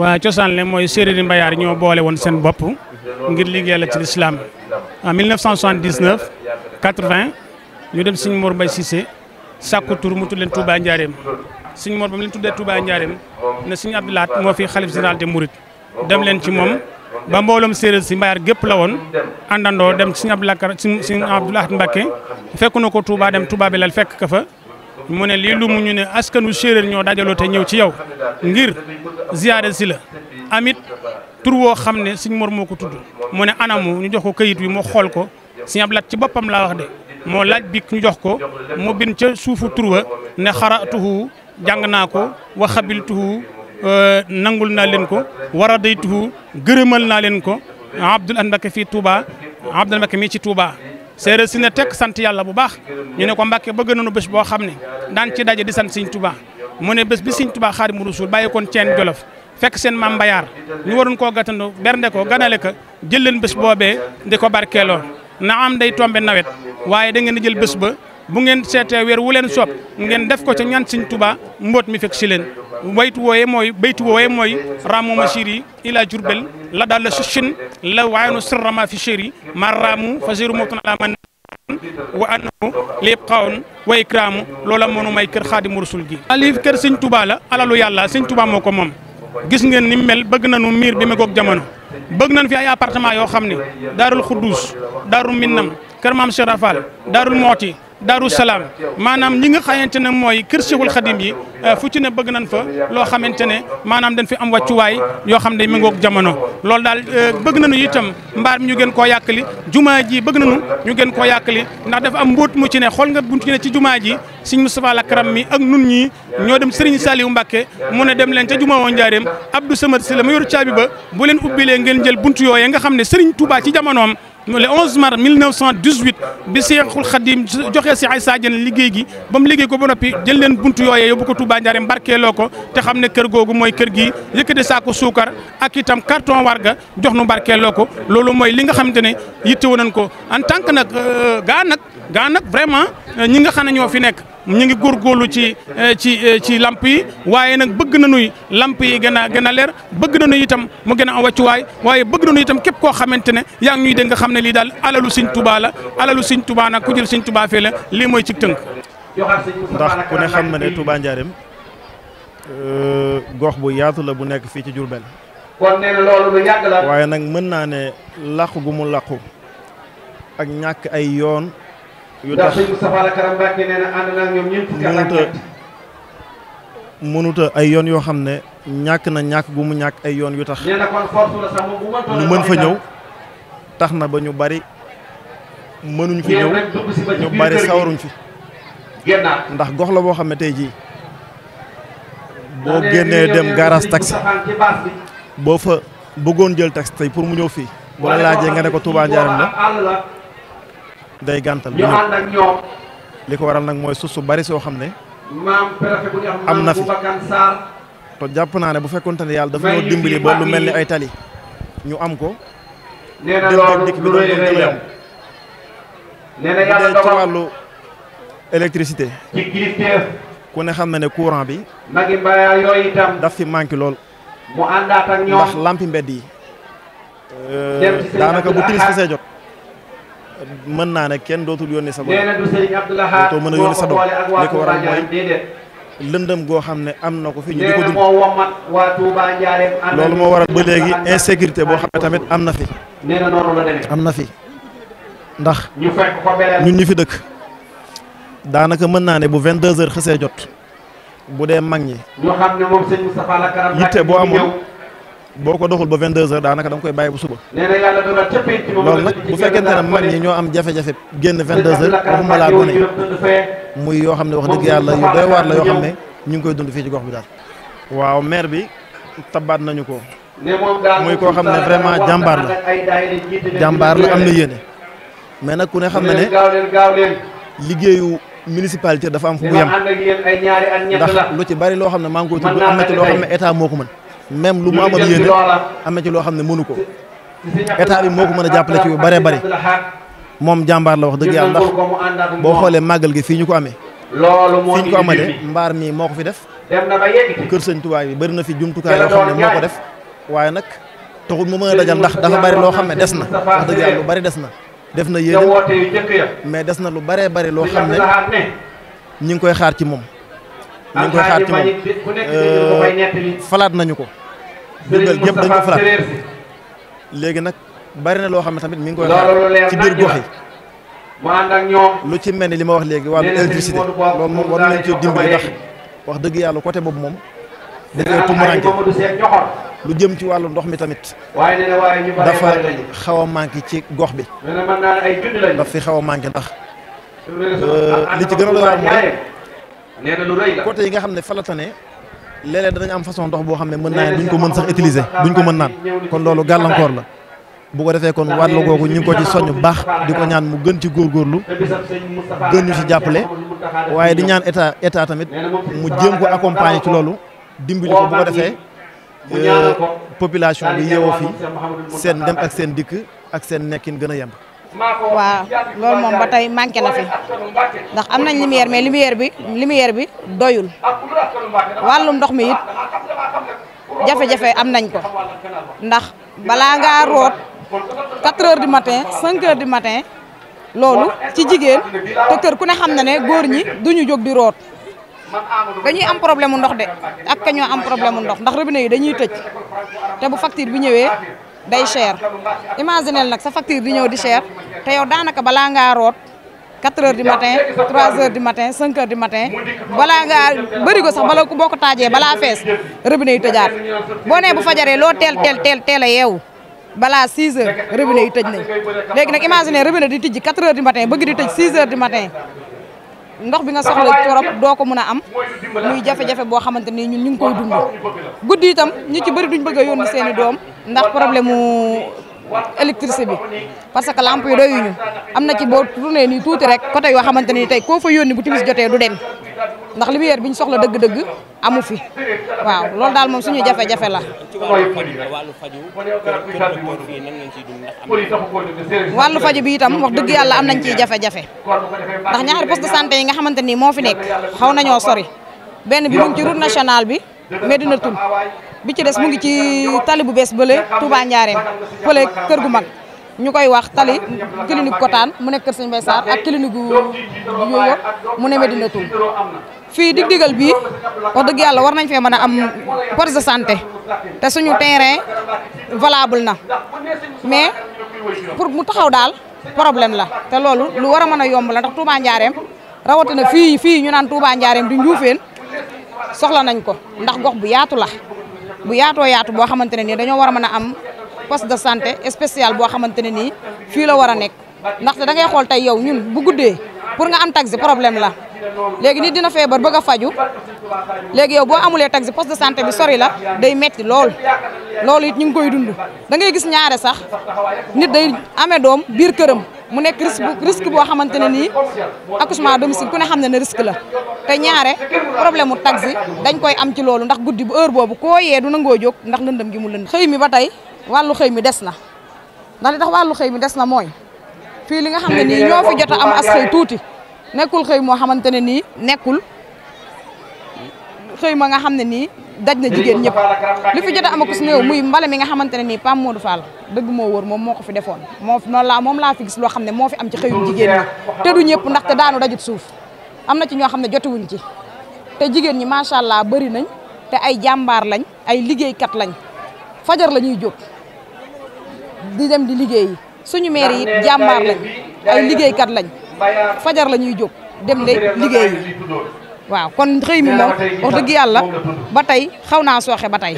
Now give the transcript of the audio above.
waa cosaan le mooy séeréeri mbayaar ñoo boole woon seen bopp ngir liggéeyal la ci lislaam en 1979 80 ñu dem Sëñ Mor Mbaye Cissé sàkku tur mu tudd leen Touba Njaareem Sëñ Mor ba mu leen tuddee Touba Njaareem na Sëñ Abdou Lahat moo fi xalif général de Mourides dem leen ci moom ba mbooloom séeréer si mbayaar gépp la woon àndandoo dem Sëñ Abdou Lahat Sëñ Abdou Lahat Mbacké fekk na ko Touba dem Touba bi lal fekk ka fa mu ne lii lu mu ñu ne askanu séeréer ñoo dajaloo te ñëw ci yow ngir ziyaare si la amit tur woo xam ne suñ mor moo ko tudd mu ne anamu ñu jox ko kayit wi mu xool ko suñu ab laaj ci boppam laa wax de moo laaj bi ñu jox ko mu bin ca suufu tur wa ne xaratuhu jàng naa ko wa xabiltuhu euh, nangul naa leen ko wara waradaytuhu gërëmal naa leen ko abdul an mbake fii touba abdul mbake mii ci touba séeréer si ne tekk sant yàlla bu baax ñu ne ko Mbàkke bëgg nañu bés boo xam ne daan ci daje di sant Sëñ Tuubaa mu ne bés bi Sëñ Tuubaa Xaadimu Rasuul bàyyi kon ceen jolof fekk seen maam Mbayaar ñu waroon koo gàttandu bernde ko ganale ko jël leen bés boobee di ko barkeeloo na am day tombe nawet waaye da ngeen jël bés ba bu ngeen seete weer wu leen soob ngeen def ko ca ñaan Sëñ tubaa mbóot mi fekk si leen baytu wooye mooy baytu wooye mooy raamu masiri ila jurbel la daal la sushin la waayanu sirrama fi shiri ma raamu fasiru mawtan ala man wa annahu lépp xawoon wa ikraamu loola moonu may kër xaadimu rasul gi alif kër Sëñ tubaa la alalu yàlla Sëñ tubaa moo ko moom gis ngeen ni mel bëgg na nañu miir bi megoog jamono bëgg nañ fi ay appartement yoo xam ni daarul xuddus daarul minnam kër maam Cheikh Daaru Salaam maanaam ñi nga xamante ne mooy kër Cheikhul Khadim yi euh, fu ci ne bëgg nañ fa loo xamante ne maanaam dañ fi am wàccuwaay yoo xam ne mi ngoog jamono loolu daal euh, bëgg nañu itam mbaar mi ñu gën koo yàqali jumaa ji bëgg nañu ñu gën koo yàqali ndax dafa am mbóot mu ci ne xool nga bunt ci ne ci jumaa ji Sëriñ Moustapha Lakaram mi ak nun ñii ñoo dem Serigne Saliou mbake mu ne dem leen ca jumaa woon Njaareem Abdou Samad Si la ma yor caabi ba bu leen ubbilee ngeen jël bunt yooyee nga xam ne Serigne Touba ci jamonoom le 11 mars 1918 bi Seexul Xadim joxe si Aïssa Dieng liggéey gi ba liggéey ko ba noppi jël leen buntu yooyee yóbbu ko Touba Njaareem barkeeloo ko te xam ne kër googu mooy kër gi de saako suukar ak itam carton warga jox nu barkeeloo ko loolu mooy li nga xamante ne yittewoo nañ ko en tant que nag euh, gaa nag gaa nag vraiment euh, ñi nga xam ne ñoo fi nekk. ñu ngi góorgóorlu ci eh, ci eh, ci lamp yi waaye nag bëgg na nañuy lamp yi gën a gën a leer bëgg na nañu itam mu gën a wàccuwaay waaye bëgg nañu itam képp koo xamante ne yaa ngi ñuy dégg nga xam ne lii daal alalu Sëñ Tuubaa la alalu Sëñ Tuubaa nag ku jël siñ Tuubaa fii la lii mooy ci tënk. ndax ku ne xam na ne Touba Njaareem eh, gox bu yaatu la bu nekk fii ci Diourbel. kon waaye nag mën naa ne làqu gu mu làqu ak ñàkk ay yoon. yu tax mënuta ay yoon yoo xam ne ñàkk na ñàkk gu mu ñàkk ay yoon yu tax ñu mën fa ñëw tax na ba ñu bari mënuñ fi ñëw ñu bari sawaruñ fi ndax gox la boo xam ne tey jii boo génnee dem garage taxi boo fa bëggoon jël taxi tey pour mu ñëw fii bu la laajee nga ne ko Touba Ndiarème la day gàntal ñu li ko waral nag mooy suuf su bari soo xam ne am na fi to jàpp naa ne bu fekkonte ne yàlla dafa ñoo dimbali ba lu mel ni ay tali ñu am ko nee na loolu dikk bi ci wàllu électricité ku ne xam na ne courant bi nagi mbaya yooyu daf fi manqué lool mu ndax lampi mbedd yi euh, daanaka bu timis fi mën naa ne kenn dootul yónnee sa bopp dootoo mën a yónnee sa li ko waral lëndëm goo xam ne am na ko fi ñu di ko dund loolu moo waral ba léegi insécurité boo xam ne tamit am na fi am na fi ndax ñun ñu fi dëkk daanaka mën naa ne bu 22 heures xësee jot bu dee mag ñi yitte boo amoon boo ko doxul ba 22 heures daanaka da nga koy bàyyi bu suba. nee loolu nag bu fekkente ne mag ñi ñoo am jafe-jafe génn 22 heures waxuma laa gone muy yoo xam ne wax dëgg yàlla yu doy la yoo xam ne ñu ngi koy dund fii ci gox bi daal. waaw maire bi tabaat nañu ko. muy koo xam ne vraiment jàmbaar la jàmbaar la am na yéene. mais nag ku ne xam na ne liggéeyu municipalité dafa am fu mu yem ndax lu ci bari loo xam ne maa ngi koy am na ci loo xam ne état moo ko mën. même lu mu amal yéene am na ci loo xam ne mënu ko état bi moo ko mën a jàppale ci yu bare bari moom jàmbaar la wax dëgg yàlla ndax boo xoolee màggal gi fii ñu ko amee fii ñu ko amalee mbaar mii moo ko fi def kër sëñ Tuubaa yi bëri na fi jumtukaay yoo xam ne moo ko def waaye nag taxul mu mën a dajal ndax dafa bari loo xam ne des na wax dëgg lu bari des na def na yéene mais des na lu baree bari loo xam ne ñi ngi koy xaar ci moom ñu ngi koy xaar ci moom euh, falaat nañu ko. Jurbel gépp dañu falaat léegi nag bari na loo xam ne tamit mi ngi koy xaar ci biir gox yi. lu ci mel ni li ma wax léegi wàllu électricité loolu moom war nañ ci dimbali ndax wax dëgg yàlla côté boobu moom dafay tumuranke lu jëm ci wàllu ndox mi tamit dafa xaw a ci gox bi daf fi xaw a ndax euh, li ci gën a doy waar nee na côté yi nga xam ne fa la tane léeg-léeg am façon ndox boo xam ne mën naa duñ ko mën sax utiliser duñ ko mën naan kon loolu gàllankoor la bu ko defee kon wàllu googu ñu ngi ko ci soññ baax di ko ñaan mu gën ci góorgóorlu gën ñu ci jàppale waaye di ñaan état état tamit mu jéem ko accompagner ci loolu dimbali ko bu ko defee euh, population bi yeewoo fi seen dem ak seen dikk ak seen nekkin gën a yemb waaw loolu moom ba tey manqué na fi ndax am nañ lumière mais lumière bi lumière bi doyul wàllum ndox mi it jafe-jafe am nañ ko ndax balaa nga root 4 heures du matin 5 heures du matin loolu ci jigéen te kër ku ne xam na ne góor ñi ñu jóg di root dañuy am problème mu ndox de ak ka am problème mu ndox ndax robinet yi dañuy tëj te bu facture bi ñëwee day cher imaginel nag sa facture di ñëw di cher te yow daanaka balaa ngaa root 4 heures di matin 3 heures du matin 5 heures du matin balaa nga bëri ko sax bala ku boo ko taajee balaa fees robinet yu tëjaat boo nee bu fajaree loo teel teel teel teel a yeewu balaa 6 heures robinet yu tëj nañ léegi nag imaginer robinet di tijji 4 heures du matin bëgg di tëj 6 heures du matin ndox bi nga soxla torop doo ko mën a am muy jafe-jafe boo xamante ni ñun ñu ngi koy dund guddi itam ñu ci bëri duñ bëgg a yónni seen i doom ndax problème mu électricité bi parce que lampe yi doyuñu am na ci boo tourné nii tuuti rek côté yoo xamante ni tey koo fa yónni bu timis jotee du dem ndax lumière bi ñu soxla dëgg-dëgg amu fi waaw loolu daal moom suñu jafe-jafe la. wàllu faju bi itam wax dëgg yàlla am nañ ciy jafe-jafe ndax ñaari poste de santé yi nga xamante ni moo fi nekk xaw nañoo sori benn bi mu ngi ci route nationale bi Medina Toul bi ci des mu ngi ci tali bu bees bële Touba Ndiarène fële kër gu mag. ñu koy wax tali clinique Kotaan mu nekk Kër Sëñ Bay Sarr ak clinique gu yooyu mu ne Medina fii dig bi bii wax dëgg yàlla war nañ fee mën a am poste de santé te suñu terrain valable na mais pour mu taxaw daal problème la te loolu lu war a mën a yomb la ndax Touba Njaareem rawatina fii fii ñu naan Touba Njaareem di Njuufeen soxla nañ ko ndax gox bu yaatu la bu yaatoo yaatu boo xamante ne nii dañoo war a mën a am poste de santé spécial boo xamante ne nii fii la war a nekk ndaxte da ngay xool tey yow ñun bu guddee pour nga am taxi problème la léegi nit dina feebar ba a faju léegi yow boo amulee taxi poste de santé bi sori la day metti lool loolu it ñu ngi koy dund da ngay gis ñaare sax nit day amee doom biir këram mu nekk risque boo xamante ne nii accouchement à domicile ku ne xam ne ne risque la te ñaare problème mu taxi dañ koy am ci loolu ndax guddi bu heure boobu koo yee du nangoo jóg ndax lëndëm gi mu lënd xëy mi ba tey wàllu xëy mi des na ndax li tax wàllu xëy mi des na mooy fii li nga xam ne nii ñoo fi jot a am as xëy tuuti nekkul xëy moo xamante ne nii nekkul xëy ma nga xam ne nii daj na jigéen ñëpp li fi jot am ak muy mbale mi nga xamante ne nii Pape Modou Fall dëgg moo wër moom moo ko fi defoon moo noonu laa moom laa fi gis loo xam ne moo fi am ci xëyum jigéen ñi te du ñëpp ndaxte daanu dajut suuf am na ci ñoo xam ne jotiwuñ ci te jigéen ñi macha allah bari nañ te ay jàmbaar lañ ay liggéeykat lañ fajar lañuy ñuy di dem di liggéey suñu maire yi jàmbaar lañ ay liggéeykat lañ fajar la ñuy jóg dem de liggéey waaw kon xëy mi moom wax dëgg yàlla ba tey xaw naa sooxe ba tey